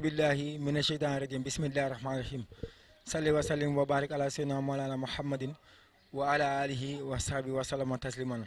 billahi mina sheytaani rajim bismillahi rahmaani rahim salli wa sallim wa barik ala sayyidina mawlana muhammadin wa ala alihi wa sahbihi wa sallama tasliman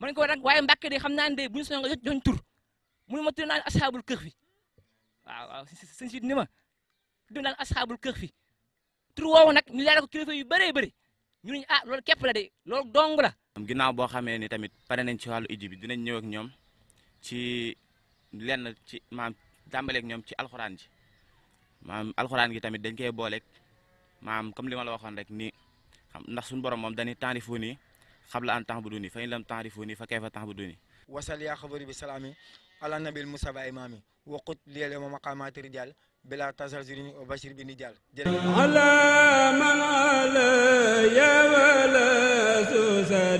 man ko nag waaye Mbàkke de xam naa ne de bu ñu soxla nga jot naan asxaabul kër fi waaw waaw sëñ si ma tudd naan asxaabul kër fi tur woowu nag ñu leeral ko kilifa yu bëree bëri ñu a ah loolu képp la de loolu dong la. ginnaaw boo xamee ni tamit pare nañ ci wàllu ijji bi dinañ ñëw ak ñoom ci lenn ci maam tàmbaleeg ñoom ci alxuraan ji. maam alxuraan gi tamit dañ koy booleeg maam comme li ma la waxoon rek ni xam ndax suñu borom moom dañuy taarifu nii xabla an tax bu duni fa in lam fa kayfa tax bu duni wasal yaa xabari bi salaami ala nabil musaba imaami waqut liele ma maqaamaati rijal bila tasal zirini wa bashir bi nijal ala man ala ya wala susadi